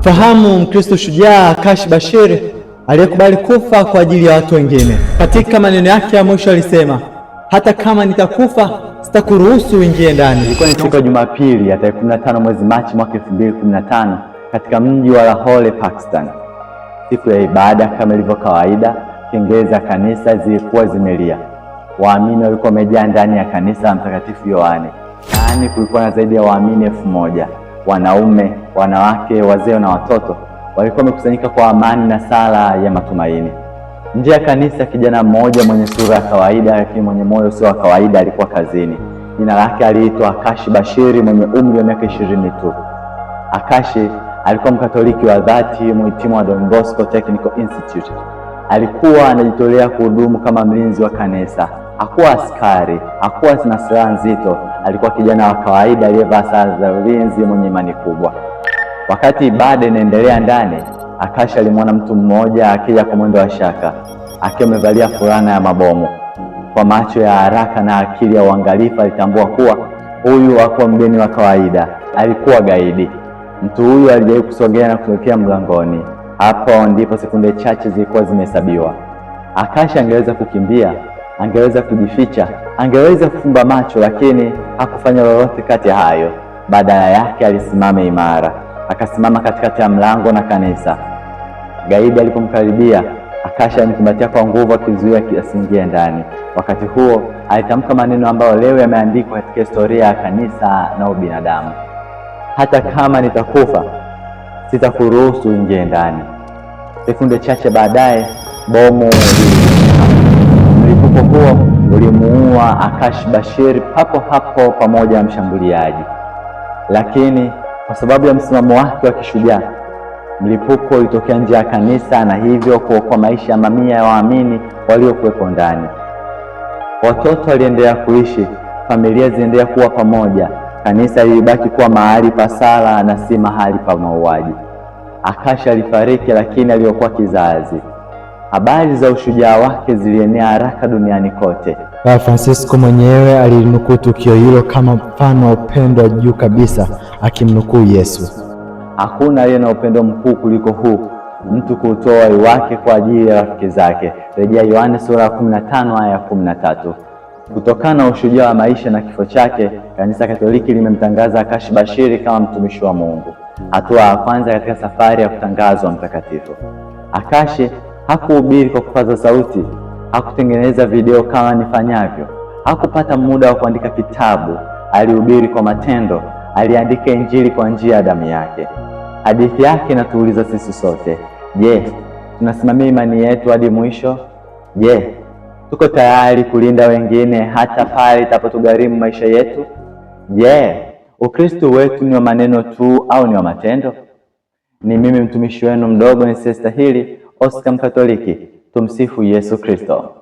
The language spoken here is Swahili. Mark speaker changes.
Speaker 1: Fahamu Mkristo shujaa Kashi Bashir aliyekubali kufa kwa ajili ya watu wengine. Katika maneno yake ya mwisho alisema, hata kama nitakufa sitakuruhusu uingie ndani.
Speaker 2: Ilikuwa ni siku ya Jumapili ya tarehe 15 mwezi Machi mwaka 2015 katika mji wa Lahore, Pakistan. Siku ya ibada kama ilivyo kawaida, kengele za kanisa zilikuwa zimelia. Waamini walikuwa wamejaa ndani ya kanisa la Mtakatifu Yohane, yaani kulikuwa na zaidi ya waamini elfu moja wanaume, wanawake, wazee na watoto walikuwa wamekusanyika kwa amani na sala ya matumaini nje ya kanisa. Kijana mmoja mwenye sura ya kawaida lakini mwenye moyo sio wa kawaida alikuwa kazini. Jina lake aliitwa Akashi Bashiri mwenye umri wa miaka ishirini tu. Akashi alikuwa Mkatoliki wa dhati, mhitimu wa Don Bosco Technical Institute. Alikuwa anajitolea kuhudumu kama mlinzi wa kanisa. Hakuwa askari, hakuwa na silaha nzito alikuwa kijana wa kawaida aliyevaa sare za ulinzi mwenye imani kubwa. Wakati ibada inaendelea ndani, Akasha alimwona mtu mmoja akija kwa mwendo wa shaka, akiwa amevalia fulana ya mabomu. Kwa macho ya haraka na akili ya uangalifu, alitambua kuwa huyu hakuwa mgeni wa kawaida, alikuwa gaidi. Mtu huyu alijaribu kusogea na kutokea mlangoni. Hapo ndipo sekunde chache zilikuwa zimehesabiwa. Akasha angeweza kukimbia, angeweza kujificha Angeweza kufumba macho, lakini hakufanya lolote kati ya hayo. Badala yake alisimama imara, akasimama katikati ya mlango na kanisa. Gaidi alipomkaribia Akasha alimkumbatia kwa nguvu, akizuia asiingie ndani. Wakati huo alitamka maneno ambayo leo yameandikwa katika historia ya kanisa na ubinadamu: hata kama nitakufa, sitakuruhusu uingie ndani. Sekunde chache baadaye bomu mlipuko huo ulimuua Akash Bashir papo hapo pamoja na mshambuliaji, lakini kwa sababu ya msimamo wake wa kishujaa mlipuko ulitokea nje ya kanisa na hivyo kuokoa maisha ya mamia ya waamini waliokuwepo ndani. Watoto waliendelea kuishi, familia ziliendelea kuwa pamoja, kanisa lilibaki kuwa mahali pa sala na si mahali pa mauaji. Akash alifariki, lakini aliokuwa kizazi Habari za ushujaa wake zilienea haraka duniani kote.
Speaker 3: Papa Francisco mwenyewe alilinukuu tukio hilo kama mfano wa upendo wa juu kabisa, akimnukuu Yesu:
Speaker 2: hakuna aliye na upendo mkuu kuliko huu mtu kuutoa uhai wake kwa ajili ya rafiki zake, rejea Yohane sura ya 15 aya ya 13. Kutokana na ushujaa wa maisha na kifo chake, Kanisa Katoliki limemtangaza Akashi Bashiri kama mtumishi wa Mungu, hatua ya kwanza katika safari ya kutangazwa mtakatifu. Akashi Hakuhubiri kwa kupaza sauti, hakutengeneza video kama nifanyavyo, hakupata muda wa kuandika kitabu. Alihubiri kwa matendo, aliandika Injili kwa njia ya damu yake. Hadithi yake inatuuliza sisi sote: je, tunasimamia imani yetu hadi mwisho? Je, tuko tayari kulinda wengine hata pale itapotugharimu maisha yetu? Je, Ukristo wetu ni wa maneno tu au ni wa matendo? Ni mimi mtumishi wenu mdogo nisiyestahili Oskam Katoliki. Tumsifu Yesu Kristo.